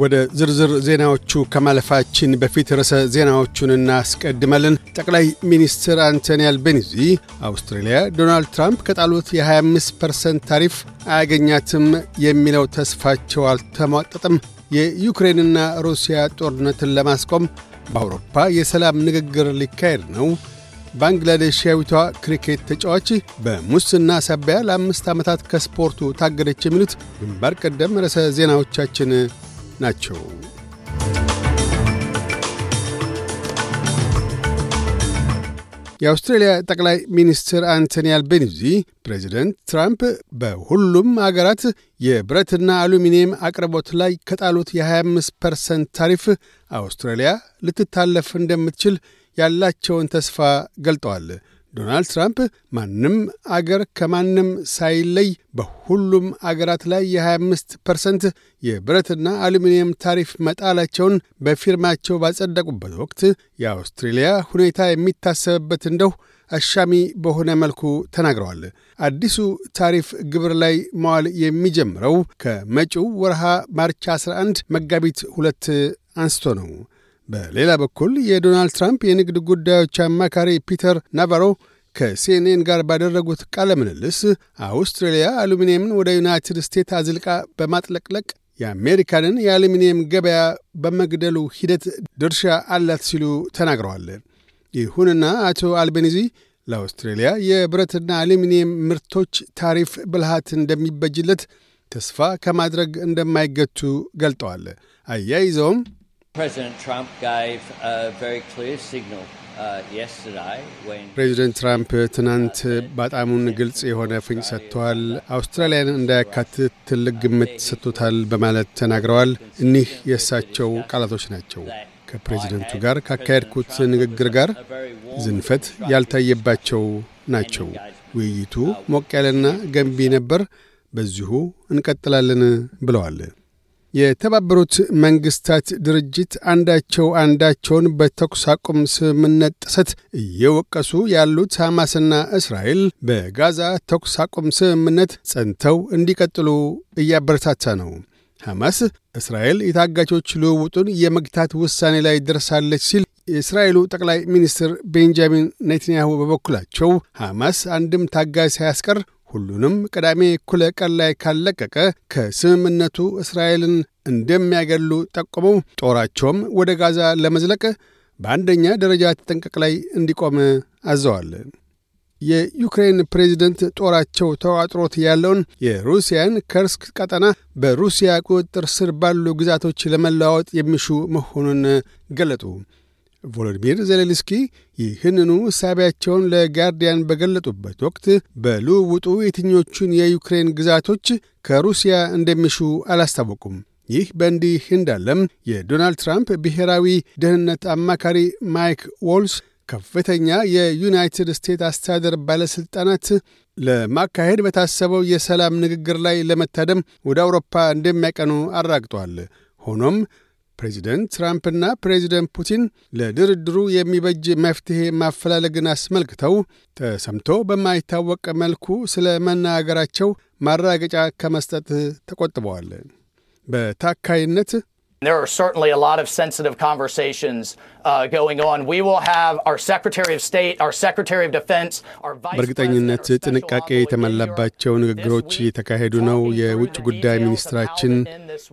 ወደ ዝርዝር ዜናዎቹ ከማለፋችን በፊት ርዕሰ ዜናዎቹን እናስቀድማለን። ጠቅላይ ሚኒስትር አንቶኒ አልቤኒዚ አውስትራሊያ ዶናልድ ትራምፕ ከጣሉት የ25 ፐርሰንት ታሪፍ አያገኛትም የሚለው ተስፋቸው አልተሟጠጥም። የዩክሬንና ሩሲያ ጦርነትን ለማስቆም በአውሮፓ የሰላም ንግግር ሊካሄድ ነው፣ ባንግላዴሻዊቷ ክሪኬት ተጫዋች በሙስና ሳቢያ ለአምስት ዓመታት ከስፖርቱ ታገደች፣ የሚሉት ግንባር ቀደም ርዕሰ ዜናዎቻችን ናቸው። የአውስትሬልያ ጠቅላይ ሚኒስትር አንቶኒ አልቤኒዚ ፕሬዚደንት ትራምፕ በሁሉም አገራት የብረትና አሉሚኒየም አቅርቦት ላይ ከጣሉት የ25 ፐርሰንት ታሪፍ አውስትራሊያ ልትታለፍ እንደምትችል ያላቸውን ተስፋ ገልጠዋል። ዶናልድ ትራምፕ ማንም አገር ከማንም ሳይለይ በሁሉም አገራት ላይ የ25 ፐርሰንት የብረትና አሉሚኒየም ታሪፍ መጣላቸውን በፊርማቸው ባጸደቁበት ወቅት የአውስትሬልያ ሁኔታ የሚታሰብበት እንደው አሻሚ በሆነ መልኩ ተናግረዋል። አዲሱ ታሪፍ ግብር ላይ መዋል የሚጀምረው ከመጪው ወርሃ ማርች 11 መጋቢት ሁለት አንስቶ ነው። በሌላ በኩል የዶናልድ ትራምፕ የንግድ ጉዳዮች አማካሪ ፒተር ናቫሮ ከሲኤንኤን ጋር ባደረጉት ቃለ ምልልስ አውስትሬልያ አሉሚኒየምን ወደ ዩናይትድ ስቴትስ አዝልቃ በማጥለቅለቅ የአሜሪካንን የአሉሚኒየም ገበያ በመግደሉ ሂደት ድርሻ አላት ሲሉ ተናግረዋል። ይሁንና አቶ አልቤኒዚ ለአውስትሬልያ የብረትና አሉሚኒየም ምርቶች ታሪፍ ብልሃት እንደሚበጅለት ተስፋ ከማድረግ እንደማይገቱ ገልጠዋል። አያይዘውም ፕሬዚደንት ትራምፕ uh, ትናንት በጣሙን ግልጽ የሆነ ፍንጭ ሰጥተዋል። አውስትራሊያን እንዳያካትት ትልቅ ግምት ሰጥቶታል በማለት ተናግረዋል። እኒህ የእሳቸው ቃላቶች ናቸው። ከፕሬዚደንቱ ጋር ካካሄድኩት ንግግር ጋር ዝንፈት ያልታየባቸው ናቸው። ውይይቱ ሞቅ ያለና ገንቢ ነበር። በዚሁ እንቀጥላለን ብለዋል። የተባበሩት መንግስታት ድርጅት አንዳቸው አንዳቸውን በተኩስ አቁም ስምምነት ጥሰት እየወቀሱ ያሉት ሐማስና እስራኤል በጋዛ ተኩስ አቁም ስምምነት ጸንተው እንዲቀጥሉ እያበረታታ ነው። ሐማስ እስራኤል የታጋቾች ልውውጡን የመግታት ውሳኔ ላይ ደርሳለች ሲል የእስራኤሉ ጠቅላይ ሚኒስትር ቤንጃሚን ኔትንያሁ በበኩላቸው ሐማስ አንድም ታጋጅ ሳያስቀር ሁሉንም ቅዳሜ እኩለ ቀን ላይ ካለቀቀ ከስምምነቱ እስራኤልን እንደሚያገሉ ጠቁመው ጦራቸውም ወደ ጋዛ ለመዝለቅ በአንደኛ ደረጃ ተጠንቀቅ ላይ እንዲቆም አዘዋል። የዩክሬን ፕሬዚደንት ጦራቸው ተዋጥሮት ያለውን የሩሲያን ከርስክ ቀጠና በሩሲያ ቁጥጥር ስር ባሉ ግዛቶች ለመለዋወጥ የሚሹ መሆኑን ገለጡ። ቮሎዲሚር ዜሌንስኪ ይህንኑ እሳቢያቸውን ለጋርዲያን በገለጡበት ወቅት በልውውጡ የትኞቹን የዩክሬን ግዛቶች ከሩሲያ እንደሚሹ አላስታወቁም። ይህ በእንዲህ እንዳለም የዶናልድ ትራምፕ ብሔራዊ ደህንነት አማካሪ ማይክ ዎልስ ከፍተኛ የዩናይትድ ስቴትስ አስተዳደር ባለሥልጣናት ለማካሄድ በታሰበው የሰላም ንግግር ላይ ለመታደም ወደ አውሮፓ እንደሚያቀኑ አራግጧል። ሆኖም ፕሬዚደንት ትራምፕና ፕሬዚደንት ፑቲን ለድርድሩ የሚበጅ መፍትሔ ማፈላለግን አስመልክተው ተሰምቶ በማይታወቅ መልኩ ስለ መናገራቸው ማራገጫ ከመስጠት ተቆጥበዋል። በታካይነት There are certainly a lot of sensitive conversations uh, going on. We will have our Secretary of State, our Secretary of Defense, our Vice በእርግጠኝነት ጥንቃቄ የተሞላባቸው ንግግሮች እየተካሄዱ ነው። የውጭ ጉዳይ ሚኒስትራችን፣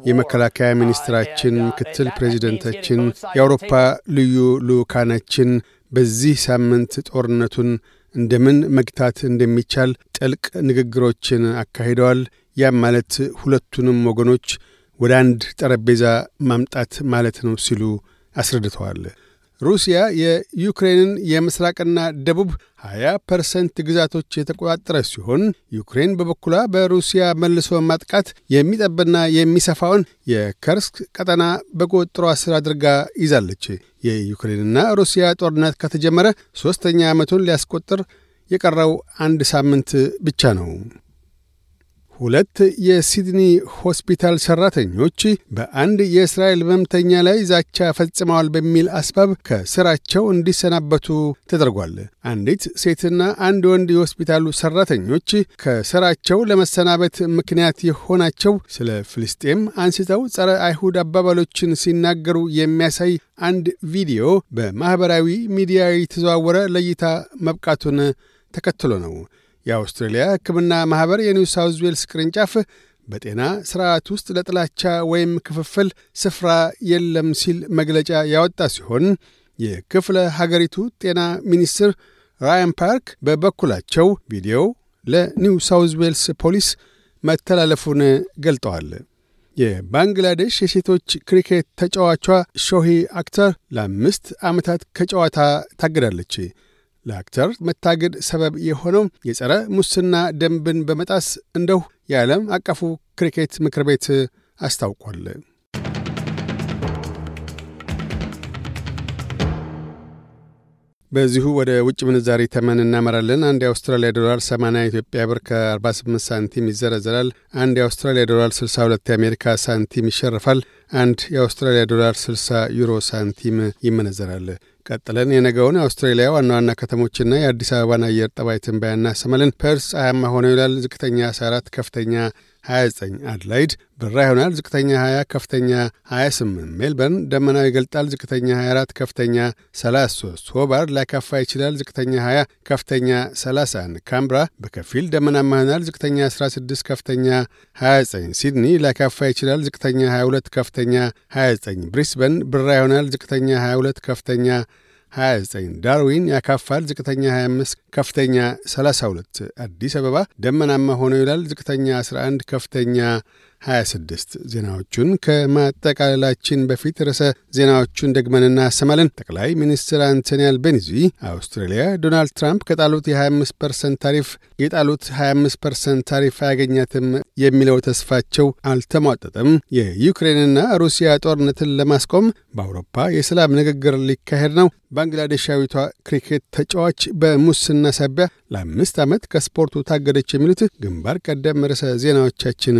የመከላከያ uh, ሚኒስትራችን፣ uh, ምክትል ፕሬዚደንታችን፣ የአውሮፓ ልዩ ልዑካናችን በዚህ ሳምንት ጦርነቱን እንደምን መግታት እንደሚቻል ጥልቅ ንግግሮችን አካሂደዋል። ያም ማለት ሁለቱንም ወገኖች ወደ አንድ ጠረጴዛ ማምጣት ማለት ነው ሲሉ አስረድተዋል። ሩሲያ የዩክሬንን የምስራቅና ደቡብ 20 ፐርሰንት ግዛቶች የተቆጣጠረች ሲሆን ዩክሬን በበኩሏ በሩሲያ መልሶ ማጥቃት የሚጠብና የሚሰፋውን የከርስክ ቀጠና በቁጥጥሯ ስር አድርጋ ይዛለች። የዩክሬንና ሩሲያ ጦርነት ከተጀመረ ሦስተኛ ዓመቱን ሊያስቆጥር የቀረው አንድ ሳምንት ብቻ ነው። ሁለት የሲድኒ ሆስፒታል ሠራተኞች በአንድ የእስራኤል ሕመምተኛ ላይ ዛቻ ፈጽመዋል በሚል አስባብ ከሥራቸው እንዲሰናበቱ ተደርጓል። አንዲት ሴትና አንድ ወንድ የሆስፒታሉ ሠራተኞች ከሥራቸው ለመሰናበት ምክንያት የሆናቸው ስለ ፍልስጤም አንስተው ጸረ አይሁድ አባባሎችን ሲናገሩ የሚያሳይ አንድ ቪዲዮ በማኅበራዊ ሚዲያ የተዘዋወረ ለእይታ መብቃቱን ተከትሎ ነው። የአውስትሬልያ ሕክምና ማኅበር የኒው ሳውዝ ዌልስ ቅርንጫፍ በጤና ሥርዓት ውስጥ ለጥላቻ ወይም ክፍፍል ስፍራ የለም ሲል መግለጫ ያወጣ ሲሆን የክፍለ ሀገሪቱ ጤና ሚኒስትር ራያን ፓርክ በበኩላቸው ቪዲዮ ለኒው ሳውዝ ዌልስ ፖሊስ መተላለፉን ገልጠዋል። የባንግላዴሽ የሴቶች ክሪኬት ተጫዋቿ ሾሂ አክተር ለአምስት ዓመታት ከጨዋታ ታግዳለች። ለአክተር መታገድ ሰበብ የሆነው የጸረ ሙስና ደንብን በመጣስ እንደው የዓለም አቀፉ ክሪኬት ምክር ቤት አስታውቋል። በዚሁ ወደ ውጭ ምንዛሪ ተመን እናመራለን። አንድ የአውስትራሊያ ዶላር 80 ኢትዮጵያ ብር ከ48 ሳንቲም ይዘረዘራል። አንድ የአውስትራሊያ ዶላር 62 የአሜሪካ ሳንቲም ይሸርፋል። አንድ የአውስትራሊያ ዶላር 60 ዩሮ ሳንቲም ይመነዘራል። ቀጥለን የነገውን የአውስትራሊያ ዋና ዋና ከተሞችና የአዲስ አበባን አየር ጠባይ ትንበያ እናሰማለን። ፐርስ ፀሐያማ ሆነው ይላል። ዝቅተኛ 14፣ ከፍተኛ 29 አድላይድ ብራ ይሆናል። ዝቅተኛ 20፣ ከፍተኛ 28። ሜልበርን ደመና ይገልጣል። ዝቅተኛ 24፣ ከፍተኛ 33። ሆባርት ላካፋ ይችላል። ዝቅተኛ 20፣ ከፍተኛ 31። ካምብራ በከፊል ደመናማ ይሆናል። ዝቅተኛ 16፣ ከፍተኛ 29። ሲድኒ ላካፋ ይችላል። ዝቅተኛ 22፣ ከፍተኛ 29። ብሪስበን ብራ ይሆናል። ዝቅተኛ 22፣ ከፍተኛ 29 ዳርዊን ያካፋል፣ ዝቅተኛ 25 ከፍተኛ 32። አዲስ አበባ ደመናማ ሆኖ ይውላል፣ ዝቅተኛ 11 ከፍተኛ 26 ዜናዎቹን ከማጠቃለላችን በፊት ርዕሰ ዜናዎቹን ደግመን እናሰማለን። ጠቅላይ ሚኒስትር አንቶኒ አልቤኒዚ አውስትራሊያ ዶናልድ ትራምፕ ከጣሉት የ25 ፐርሰንት ታሪፍ የጣሉት 25 ፐርሰንት ታሪፍ አያገኛትም የሚለው ተስፋቸው አልተሟጠጠም፣ የዩክሬንና ሩሲያ ጦርነትን ለማስቆም በአውሮፓ የሰላም ንግግር ሊካሄድ ነው፣ ባንግላዴሻዊቷ ክሪኬት ተጫዋች በሙስና ሳቢያ ለአምስት ዓመት ከስፖርቱ ታገደች፣ የሚሉት ግንባር ቀደም ርዕሰ ዜናዎቻችን